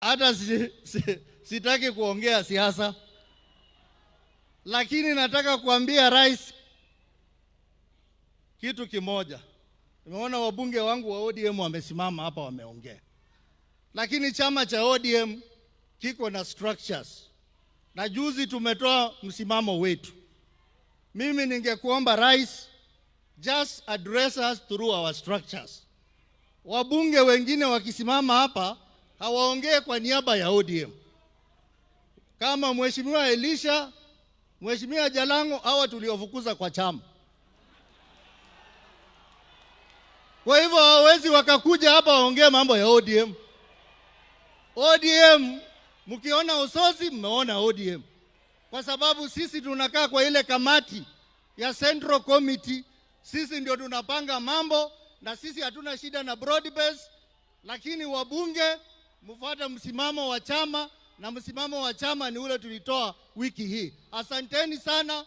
hata si, si, sitaki kuongea siasa, lakini nataka kuambia rais kitu kimoja. Nimeona wabunge wangu wa ODM wamesimama hapa wameongea, lakini chama cha ODM kiko na structures, na juzi tumetoa msimamo wetu. Mimi ningekuomba rais, just address us through our structures. Wabunge wengine wakisimama hapa hawaongee kwa niaba ya ODM kama mheshimiwa Elisha, mheshimiwa Jalango, hawa tuliofukuza kwa chama. Kwa hivyo hawawezi wakakuja hapa waongee mambo ya ODM. ODM mkiona usosi, mmeona ODM, kwa sababu sisi tunakaa kwa ile kamati ya Central Committee. Sisi ndio tunapanga mambo, na sisi hatuna shida na broad base, lakini wabunge mfuate msimamo wa chama, na msimamo wa chama ni ule tulitoa wiki hii. Asanteni sana.